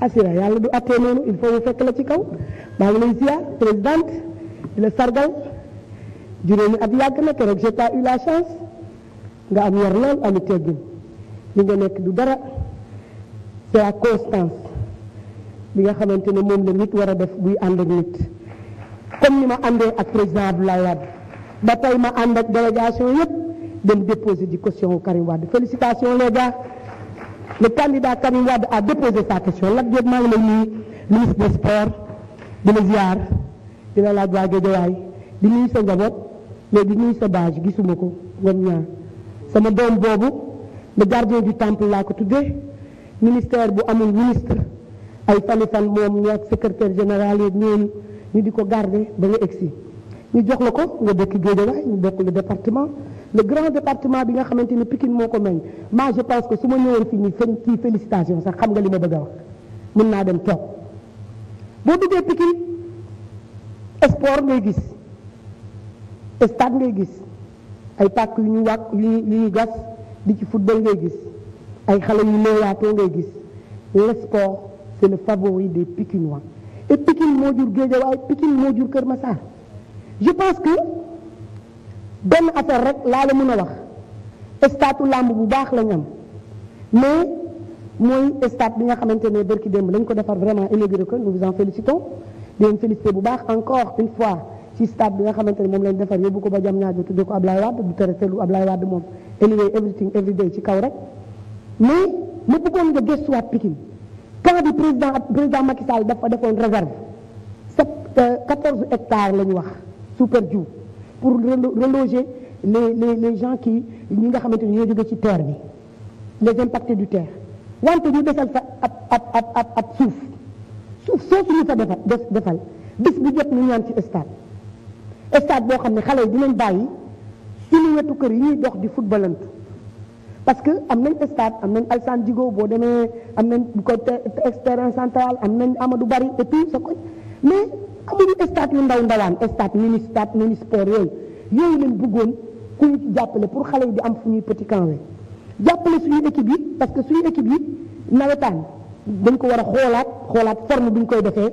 assira yàlla du attee noonu il faut mu fekk la ci kaw maa ngi lay ziar présidente di la sargal juróomi at yàgg na keroog j'ai pas eu la chance nga am yar lool ami teggin li nga nekk du dara c'est la constance bi nga xamante ne moom la nit war a def buy ànd ak nit comme ni ma àndee ak président Abdoulaye Wade ba tey ma ànd ak délégation yëpp dem déposer di caution Karim Wade félicitations les le candidat Karim Wade a déposé sa question Lat Diop maa ngi lay nuyu ministre des sports di la ziar di la laaj waa Géejawaay di nuyu sa gisuma ko ñoom ñaar sama doom boobu le gardien du temple laa ko tuddee ministère bu amul ministre ay fani fan moom ñoo ak général yi ñoom ñu di ko garder ba nga egsi ñu jox la ko nga dëkk Géejawaay ñu bokk le département le grand département bi nga xamante ne Pikine moo ko meññ ma je pense que su ma ñëwoon fii nii fën kii félicitation sax xam nga li ma bëgg a wax mën naa dem toog boo duggee Pikine sport ngay gis stade ngay gis ay pàkk yu ñu wàkk yu ñu gas di ci football ngay gis ay xale yu néewaatoo ngay gis le sport c'est le favori des Pikinois et Pikine moo jur Guédiawaye Pikine moo jur Kër Massar je pense que benn affaire rek laa la mën a wax statu làmb bu baax la ñam mais mooy stat bi nga xamante ne bërki démb lañ ko defar vraiment inauguré ko nous vous en félicitons di leen félicité bu baax encore une fois ci stade bi nga xamante ne moom lañ defar yóbbu ko ba jam ñaajo tuddee ko Ablaye Wade du tere teelu Ablaye Wade moom anyway everything every day ci kaw rek mais ma bëggoon nga gëstuwaat Pikine quand bi président président Macky Sall dafa defoon réserve sept euh, quatorze hectares la ñu wax super jiw pour reloger les les les gens qui ñi nga xamante ni ñoo jóge ci terre bi les impactés du terre wante ñu desal fa ab ab ab ab suuf suuf soosu ñu fa defal defal bis bu jot ñu ñaan ci stade stade boo xam ne xale yi dinañ bàyyi suñu wetu kër yi ñuy dox di footballantu parce que am nañ stade am nañ Alassane Djigo boo demee am nañ côté terrain central am nañ Amadou Barry et sa ça mais. amuñu stade yu ndaw ndawaan stade mini stade mini sport yooyu yooyu leen bëggoon ku ñu ci jàppale pour xale yi di am fu ñuy petit camp jàppale suñu équipe yi parce que suñu équipe yi nawetaan dañ ko war a xoolaat xoolaat forme bi ñu koy defee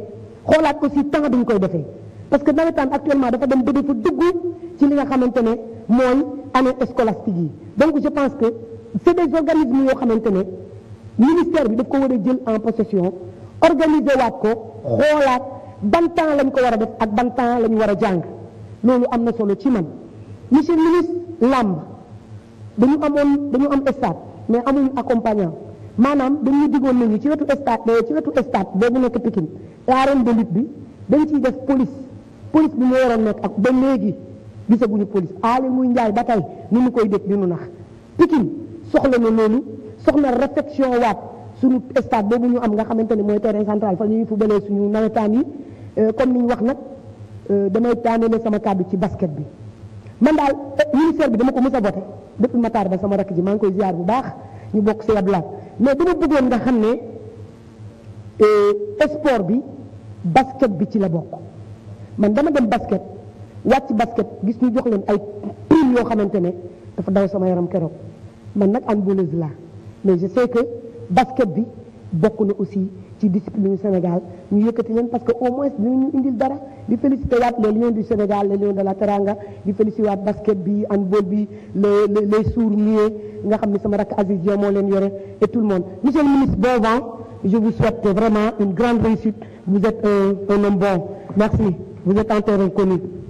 xoolaat ko si temps bi ñu koy defee parce que nawetaan actuellement dafa dem ba dafa dugg ci li nga xamante ne mooy année scolastique yi donc je pense que c'est des organismes yoo xamante ne ministère bi daf ko war a jël en possession organiser waat ko xoolaat. ban temps lañ ko war a def ak ban temps lañ war a jàng loolu am na solo ci man monsieur le ministre làmb dañu amoon dañu am stade mais amuñu accompagnant maanaam dañuy diggoon nañu ci wetu stade ci wetu stade boobu nekk Pikine arène de bi dañ ciy def police police bi mu waroon nekk ak ba léegi gisaguñu police aali muy njaay ba tey ni nu koy dégg ñu nax Pikine soxla na loolu soxla réflexion waat suñu stade boobu ñu am nga xamante ni mooy terrain central fa ñuy fubalee suñu nawetaan yi Euh, comme ni ñu wax nag euh, damay taaneele sama kàddu ci basket bi man daal euh, ministère bi dama ko mës a voté depuis Matar ba sama rakk ji maa ngi koy ziar bu baax ñu bokk si ablaat mais dama bëggoon nga xam ne sport bi basket bi ci la bokk man dama dem basket wàcc basket gis ñu jox leen ay prime yoo xamante ne dafa daw sama yaram keroog man nag ambuleuse la mais je sais que basket bi. bokk na aussi ci discipline Sénégal ñu yëkkati leen parce que au moins dinañu indil dara di félicité waat les lions du Sénégal les lions de la Teranga di félicité waat basket bi handball bi les les sour muets nga xam ne sama rakk Aziz Dia moo leen yore et tout le monde monsieur le ministre bon je vous souhaite vraiment une grande réussite vous êtes un homme bon merci vous êtes en connu